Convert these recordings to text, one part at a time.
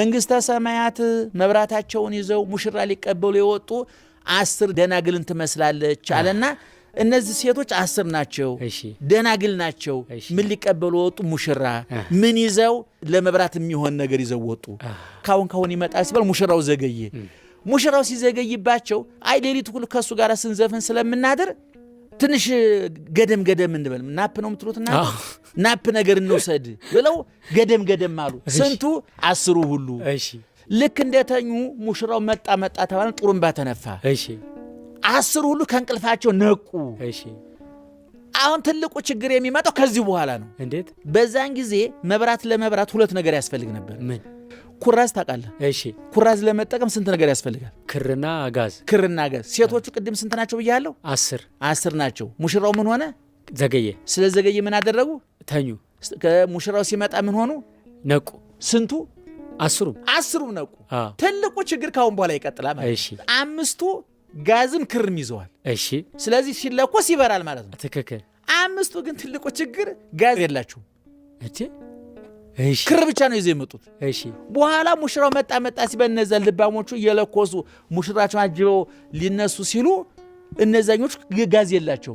መንግሥተ ሰማያት መብራታቸውን ይዘው ሙሽራ ሊቀበሉ የወጡ አስር ደናግልን ትመስላለች አለና እነዚህ ሴቶች አስር ናቸው፣ ደናግል ናቸው። ምን ሊቀበሉ ወጡ? ሙሽራ። ምን ይዘው? ለመብራት የሚሆን ነገር ይዘው ወጡ። ካሁን ካሁን ይመጣል ሲባል ሙሽራው ዘገየ። ሙሽራው ሲዘገይባቸው አይ ሌሊት ሁሉ ከእሱ ጋር ስንዘፍን ስለምናድር ትንሽ ገደም ገደም እንበል ናፕ ነው የምትሉት እና ናፕ ነገር እንውሰድ ብለው ገደም ገደም አሉ። ስንቱ አስሩ ሁሉ ልክ እንደተኙ ሙሽራው መጣ መጣ ተባለ፣ ጥሩምባ ተነፋ። አስሩ ሁሉ ከእንቅልፋቸው ነቁ። አሁን ትልቁ ችግር የሚመጣው ከዚህ በኋላ ነው። እንዴት? በዛን ጊዜ መብራት ለመብራት ሁለት ነገር ያስፈልግ ነበር። ኩራዝ ታውቃለህ? እሺ። ኩራዝ ለመጠቀም ስንት ነገር ያስፈልጋል? ክርና ጋዝ። ክርና ጋዝ። ሴቶቹ ቅድም ስንት ናቸው ብያለሁ? አስር አስር ናቸው። ሙሽራው ምን ሆነ? ዘገየ። ስለ ዘገየ ምን አደረጉ? ተኙ። ሙሽራው ሲመጣ ምን ሆኑ? ነቁ። ስንቱ? አስሩም አስሩም ነቁ። ትልቁ ችግር ካሁን በኋላ ይቀጥላል ማለት ነው። አምስቱ ጋዝም ክርም ይዘዋል። እሺ። ስለዚህ ሲለኮስ ይበራል ማለት ነው። ትክክል። አምስቱ ግን ትልቁ ችግር ጋዝ የላችሁም። ክር ብቻ ነው ይዘው የመጡት። በኋላ ሙሽራው መጣ መጣ ሲበል እነዚያ ልባሞቹ እየለኮሱ ሙሽራቸውን አጅበው ሊነሱ ሲሉ እነዛኞቹ ጋዝ የላቸው።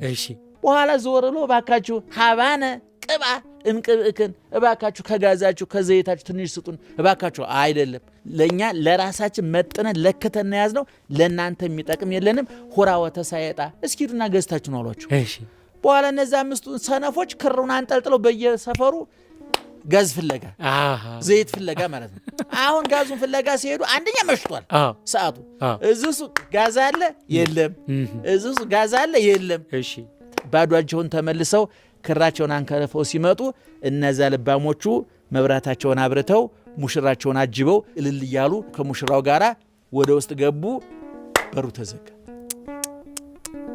በኋላ ዘወር ብሎ እባካችሁ ሀባነ ቅባ እንቅብእክን እባካችሁ ከጋዛችሁ ከዘይታችሁ ትንሽ ስጡን እባካችሁ። አይደለም ለእኛ ለራሳችን መጥነን ለክተን ያዝ ነው፣ ለእናንተ የሚጠቅም የለንም። ሁራወ ተሳየጣ እስኪዱና ገዝታችሁ ነው አሏቸው። በኋላ እነዚ አምስቱ ሰነፎች ክሩን አንጠልጥለው በየሰፈሩ ጋዝ ፍለጋ ዘይት ፍለጋ ማለት ነው። አሁን ጋዙን ፍለጋ ሲሄዱ አንደኛ መሽቷል ሰዓቱ። እዚ እሱ ጋዝ አለ የለም፣ እዚህ ጋዝ አለ የለም። ባዷቸውን ተመልሰው ክራቸውን አንከረፈው ሲመጡ እነዛ ልባሞቹ መብራታቸውን አብርተው ሙሽራቸውን አጅበው እልል እያሉ ከሙሽራው ጋር ወደ ውስጥ ገቡ። በሩ ተዘጋ።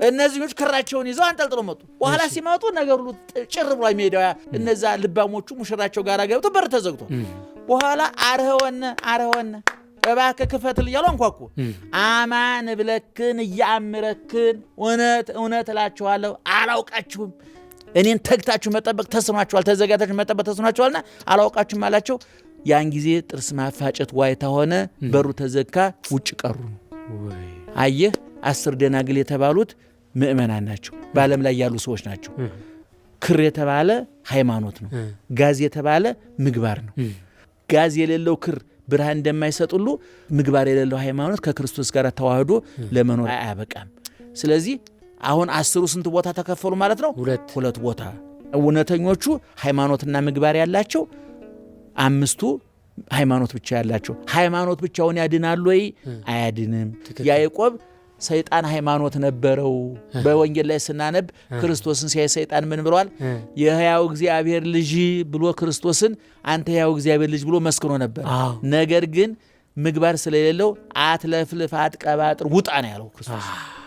እነዚህኞች ክራቸውን ይዘው አንጠልጥለው መጡ። በኋላ ሲመጡ ነገር ሁሉ ጭር ብሏ የሚሄደው እነዛ ልባሞቹ ሙሽራቸው ጋር ገብቶ በር ተዘግቶ በኋላ አርኸወነ አርኸወነ እባክህ ክፈትል እያሉ አንኳኩ። አማን ብለክን እያምረክን እውነት እውነት እላችኋለሁ አላውቃችሁም እኔን ተግታችሁ መጠበቅ ተስኗችኋል፣ ተዘጋታችሁ መጠበቅ ተስኗችኋልና አላውቃችሁም አላቸው። ያን ጊዜ ጥርስ ማፋጨት ዋይታ ሆነ፣ በሩ ተዘጋ፣ ውጭ ቀሩ። አየህ አስር ደናግል የተባሉት ምእመናን ናቸው። በዓለም ላይ ያሉ ሰዎች ናቸው። ክር የተባለ ሃይማኖት ነው። ጋዝ የተባለ ምግባር ነው። ጋዝ የሌለው ክር ብርሃን እንደማይሰጥ ሁሉ ምግባር የሌለው ሃይማኖት ከክርስቶስ ጋር ተዋህዶ ለመኖር አያበቃም። ስለዚህ አሁን አስሩ ስንት ቦታ ተከፈሉ ማለት ነው? ሁለት ቦታ። እውነተኞቹ ሃይማኖትና ምግባር ያላቸው አምስቱ ሃይማኖት ብቻ ያላቸው ሃይማኖት ብቻውን ያድናል ወይ? አያድንም። ያዕቆብ ሰይጣን ሃይማኖት ነበረው። በወንጌል ላይ ስናነብ ክርስቶስን ሲያይ ሰይጣን ምን ብለዋል? የሕያው እግዚአብሔር ልጅ ብሎ ክርስቶስን አንተ ሕያው እግዚአብሔር ልጅ ብሎ መስክሮ ነበር። ነገር ግን ምግባር ስለሌለው አትለፍልፍ፣ አትቀባጥር፣ ውጣ ነው ያለው ክርስቶስ።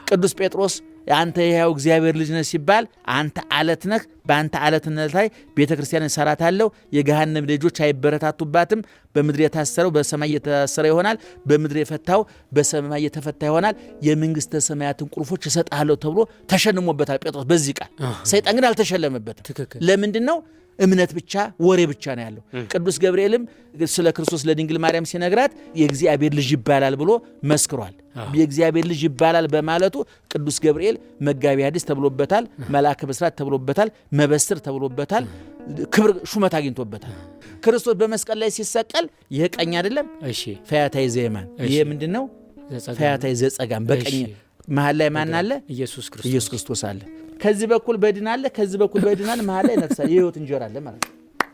ቅዱስ ጴጥሮስ አንተ የሕያው እግዚአብሔር ልጅ ነህ ሲባል አንተ አለት ነህ፣ በአንተ አለትነት ላይ ቤተ ክርስቲያን እሰራታለሁ፣ የገሃነም ልጆች አይበረታቱባትም። በምድር የታሰረው በሰማይ የታሰረ ይሆናል፣ በምድር የፈታው በሰማይ የተፈታ ይሆናል፣ የመንግሥተ ሰማያትን ቁልፎች እሰጥሃለሁ ተብሎ ተሸልሞበታል ጴጥሮስ በዚህ ቃል። ሰይጣን ግን አልተሸለመበትም። ለምንድን ነው? እምነት ብቻ ወሬ ብቻ ነው ያለው። ቅዱስ ገብርኤልም ስለ ክርስቶስ ለድንግል ማርያም ሲነግራት የእግዚአብሔር ልጅ ይባላል ብሎ መስክሯል። የእግዚአብሔር ልጅ ይባላል በማለቱ ቅዱስ ገብርኤል መጋቢ ሐዲስ ተብሎበታል፣ መልአከ ብስራት ተብሎበታል፣ መበስር ተብሎበታል፣ ክብር ሹመት አግኝቶበታል። ክርስቶስ በመስቀል ላይ ሲሰቀል ይህ ቀኝ አይደለም፣ ፈያታዊ ዘየማን ይህ ምንድን ነው? ፈያታዊ ዘጸጋም በቀኝ መሀል ላይ ማን አለ? ኢየሱስ ክርስቶስ አለ። ከዚህ በኩል በድን አለ፣ ከዚህ በኩል በድን አለ። መሀል ላይ ነፍስ የህይወት እንጀራ አለ ማለት ነው።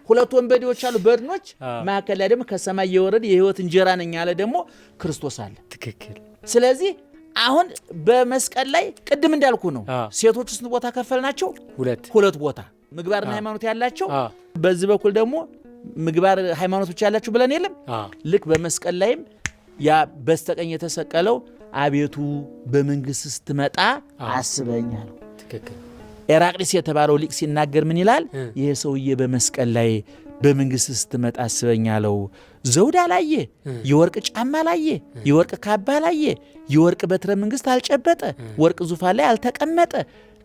ሁለት ወንበዴዎች አሉ በድኖች፣ መካከል ላይ ደግሞ ከሰማይ የወረደ የህይወት እንጀራ ነኝ ያለ ደግሞ ክርስቶስ አለ። ትክክል። ስለዚህ አሁን በመስቀል ላይ ቅድም እንዳልኩ ነው። ሴቶች ስንት ቦታ ከፈል ናቸው? ሁለት ሁለት ቦታ ምግባርና ሃይማኖት ያላቸው በዚህ በኩል ደግሞ ምግባር ሃይማኖት ብቻ ብለን የለም። ልክ በመስቀል ላይም ያ በስተቀኝ የተሰቀለው አቤቱ በመንግሥት ስትመጣ አስበኛል። ኤራቅሊስ የተባለው ሊቅ ሲናገር ምን ይላል? ይህ ሰውዬ በመስቀል ላይ በመንግሥት ስትመጣ አስበኛለው። ዘውዳ ዘውድ አላየ፣ የወርቅ ጫማ አላየ፣ የወርቅ ካባ አላየ፣ የወርቅ በትረ መንግሥት አልጨበጠ፣ ወርቅ ዙፋን ላይ አልተቀመጠ።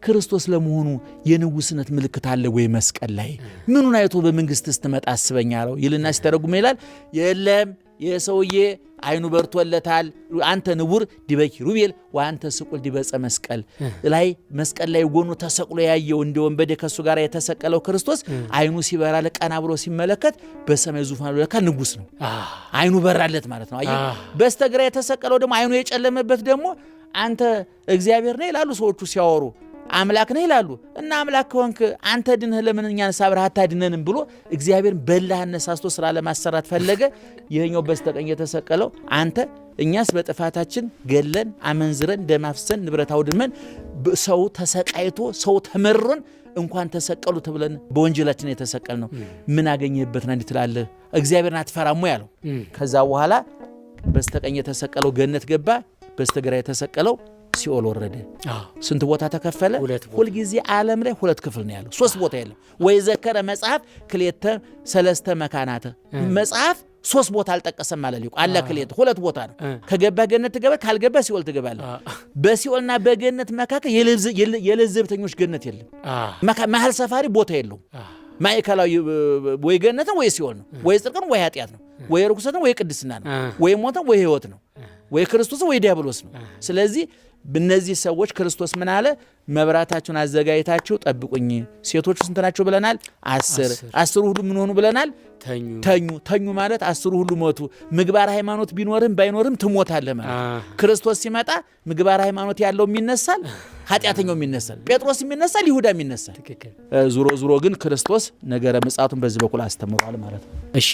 ክርስቶስ ለመሆኑ የንጉሥነት ምልክት አለ ወይ መስቀል ላይ? ምኑን አይቶ በመንግሥት ስትመጣ አስበኛለው ይልና ሲተረጉመ ይላል የለም ይህ ሰውዬ አይኑ በርቶለታል። አንተ ንቡር ዲበ ኪሩቤል ወአንተ ስቁል ዲበ ዕፀ መስቀል ላይ መስቀል ላይ ጎኑ ተሰቅሎ ያየው እንደ ወንበዴ ከእሱ ጋር የተሰቀለው ክርስቶስ አይኑ ሲበራ ለቀና ብሎ ሲመለከት በሰማይ ዙፋን ለካ ንጉሥ ነው። አይኑ በራለት ማለት ነው። አየህ፣ በስተግራ የተሰቀለው ደግሞ አይኑ የጨለመበት ደግሞ አንተ እግዚአብሔር ነህ ይላሉ ሰዎቹ ሲያወሩ አምላክ ነህ ይላሉ እና አምላክ ከሆንክ አንተ ድንህ ለምን እኛን ሳብረህ አታድነንም ብሎ እግዚአብሔር በላህ አነሳስቶ ስራ ለማሰራት ፈለገ። ይህኛው በስተቀኝ የተሰቀለው አንተ እኛስ በጥፋታችን ገለን አመንዝረን ደማፍሰን ንብረት አውድመን ሰው ተሰቃይቶ ሰው ተመሮን እንኳን ተሰቀሉ ተብለን በወንጀላችን የተሰቀል ነው። ምን አገኘህበትና እንዲህ ትላለህ? እግዚአብሔርን አትፈራሙ ያለው። ከዛ በኋላ በስተቀኝ የተሰቀለው ገነት ገባ፣ በስተግራ የተሰቀለው ሲኦል ወረደ። ስንት ቦታ ተከፈለ? ሁልጊዜ ዓለም ላይ ሁለት ክፍል ነው ያለው፣ ሶስት ቦታ የለም። ወይ ዘከረ መጽሐፍ ክሌተ ሰለስተ መካናተ መጽሐፍ ሶስት ቦታ አልጠቀሰም ማለት ሊቁ አለ። ክሌት ሁለት ቦታ ነው። ከገባህ ገነት ትገባለህ፣ ካልገባ ሲኦል ትገባለ። በሲኦልና በገነት መካከል የለዘብተኞች ገነት የለም። መሀል ሰፋሪ ቦታ የለውም። ማዕከላዊ ወይ ገነትን ወይ ሲኦል ነው፣ ወይ ጽድቅ ወይ ኃጢአት ነው። ወይ ርኩሰት ነው ወይ ቅድስና ነው፣ ወይ ሞት ነው ወይ ህይወት ነው፣ ወይ ክርስቶስ ወይ ዲያብሎስ ነው። ስለዚህ እነዚህ ሰዎች ክርስቶስ ምን አለ? መብራታችሁን አዘጋጅታችሁ ጠብቁኝ። ሴቶቹ ስንት ናቸው ብለናል? አስር አስሩ ሁሉ ምን ሆኑ ብለናል? ተኙ። ተኙ ማለት አስሩ ሁሉ ሞቱ። ምግባር ሃይማኖት ቢኖርም ባይኖርም ትሞታለ ማለት። ክርስቶስ ሲመጣ ምግባር ሃይማኖት ያለው የሚነሳል፣ ኃጢአተኛው የሚነሳል፣ ጴጥሮስ የሚነሳል፣ ይሁዳ የሚነሳል። ዙሮ ዙሮ ግን ክርስቶስ ነገረ ምጽአቱን በዚህ በኩል አስተምሯል ማለት ነው።